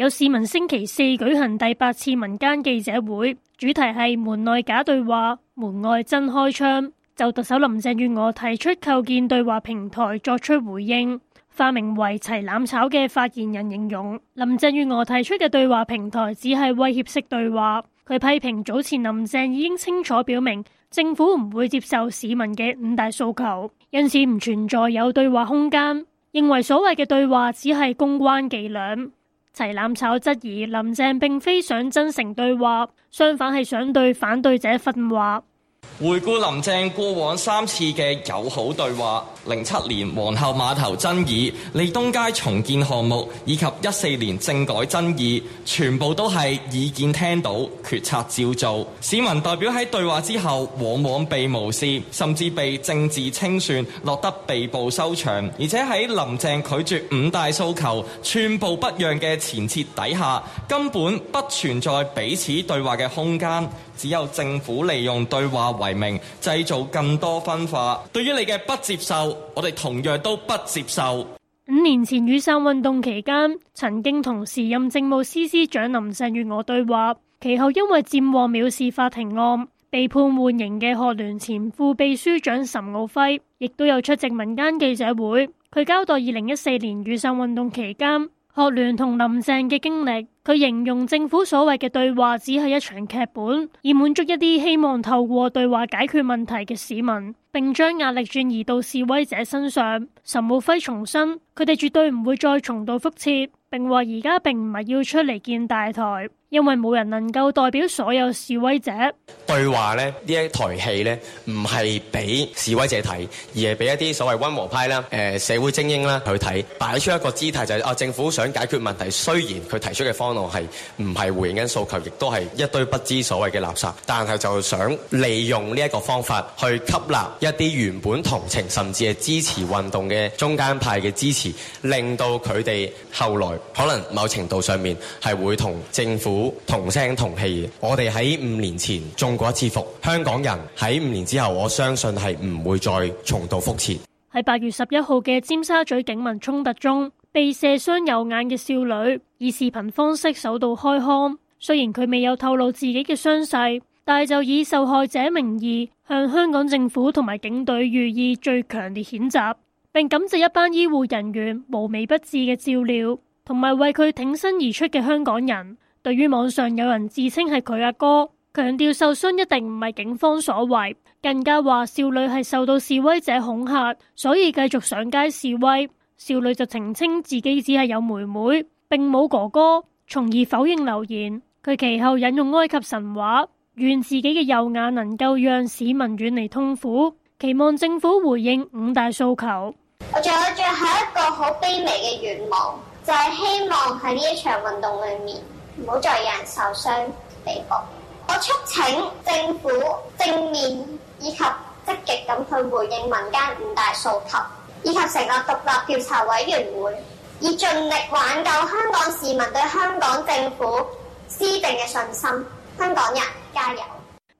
有市民星期四舉行第八次民間記者會，主題係門內假對話，門外真開槍。就特首林鄭月娥提出構建對話平台作出回應，化名為齊攬炒嘅發言人形容林鄭月娥提出嘅對話平台只係威脅式對話。佢批評早前林鄭已經清楚表明政府唔會接受市民嘅五大訴求，因此唔存在有對話空間。認為所謂嘅對話只係公關伎倆。齊攬炒質疑林鄭並非想真誠對話，相反係想對反對者訓話。回顧林鄭過往三次嘅友好對話，零七年皇后碼頭爭議、利東街重建項目以及一四年政改爭議，全部都係意見聽到，決策照做。市民代表喺對話之後，往往被無視，甚至被政治清算，落得被捕收場。而且喺林鄭拒絕五大訴求、寸步不讓嘅前設底下，根本不存在彼此對話嘅空間，只有政府利用對話。為名製造更多分化。對於你嘅不接受，我哋同樣都不接受。五年前雨傘運動期間，曾經同時任政務司司長林鄭月娥對話。其後因為佔旺藐視法庭案被判緩刑嘅學聯前副秘書長岑敖輝，亦都有出席民間記者會。佢交代二零一四年雨傘運動期間。學聯同林鄭嘅經歷，佢形容政府所謂嘅對話只係一場劇本，以滿足一啲希望透過對話解決問題嘅市民，並將壓力轉移到示威者身上。岑武輝重申，佢哋絕對唔會再重蹈覆轍，並話而家並唔係要出嚟見大台。因為冇人能夠代表所有示威者對話咧，呢一台戲咧唔係俾示威者睇，而係俾一啲所謂温和派啦、誒、呃、社會精英啦去睇，擺出一個姿態就係、是、啊政府想解決問題，雖然佢提出嘅方案係唔係回應緊訴求，亦都係一堆不知所謂嘅垃圾，但係就想利用呢一個方法去吸納一啲原本同情甚至係支持運動嘅中間派嘅支持，令到佢哋後來可能某程度上面係會同政府。同聲同氣，我哋喺五年前中過一次伏，香港人喺五年之後，我相信係唔會再重蹈覆轍。喺八月十一號嘅尖沙咀警民衝突中，被射傷右眼嘅少女以視頻方式首度開腔。雖然佢未有透露自己嘅傷勢，但係就以受害者名義向香港政府同埋警隊予以最強烈譴責，並感謝一班醫護人員無微不至嘅照料，同埋為佢挺身而出嘅香港人。對於網上有人自稱係佢阿哥，強調受傷一定唔係警方所為，更加話少女係受到示威者恐嚇，所以繼續上街示威。少女就澄清自己只係有妹妹，並冇哥哥，從而否認留言。佢其後引用埃及神話，願自己嘅右眼能夠讓市民遠離痛苦，期望政府回應五大訴求。我仲有最後一個好卑微嘅願望，就係、是、希望喺呢一場運動裏面。唔好再有人受傷被捕。我促請政府正面以及積極咁去回應民間五大訴求，以及成立獨立調查委員會，以盡力挽救香港市民對香港政府施政嘅信心。香港人加油！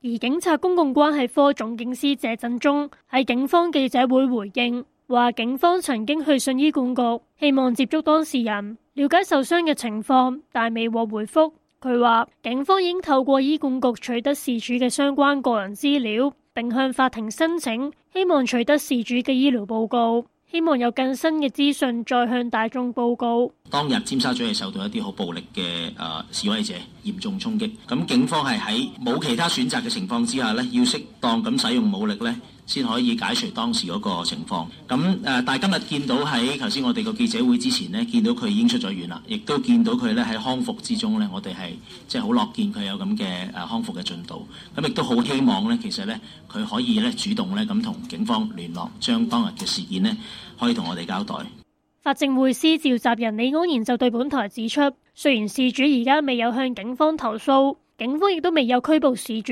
而警察公共關係科總警司謝振中喺警方記者會回應。話警方曾經去信醫管局，希望接觸當事人了解受傷嘅情況，但未獲回複。佢話警方已經透過醫管局取得事主嘅相關個人資料，並向法庭申請，希望取得事主嘅醫療報告，希望有更新嘅資訊再向大眾報告。當日尖沙咀係受到一啲好暴力嘅誒示威者嚴重衝擊，咁警方係喺冇其他選擇嘅情況之下呢要適當咁使用武力呢，先可以解除當時嗰個情況。咁誒，但係今日見到喺頭先我哋個記者會之前，呢見到佢已經出咗院啦，亦都見到佢咧喺康復之中。呢我哋係即係好樂見佢有咁嘅誒康復嘅進度。咁亦都好希望呢，其實呢，佢可以咧主動咧咁同警方聯絡，將當日嘅事件呢可以同我哋交代。法政會司召集人李安然就對本台指出，雖然事主而家未有向警方投訴，警方亦都未有拘捕事主。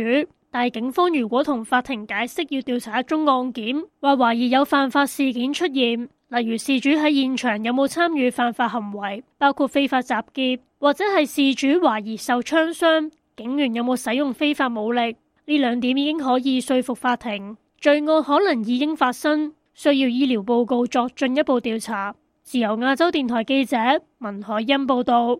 但係警方如果同法庭解釋要調查一宗案件，或懷疑有犯法事件出現，例如事主喺現場有冇參與犯法行為，包括非法集結或者係事主懷疑受槍傷，警員有冇使用非法武力，呢兩點已經可以說服法庭，罪案可能已經發生，需要醫療報告作進一步調查。自由亞洲電台記者文海欣報道。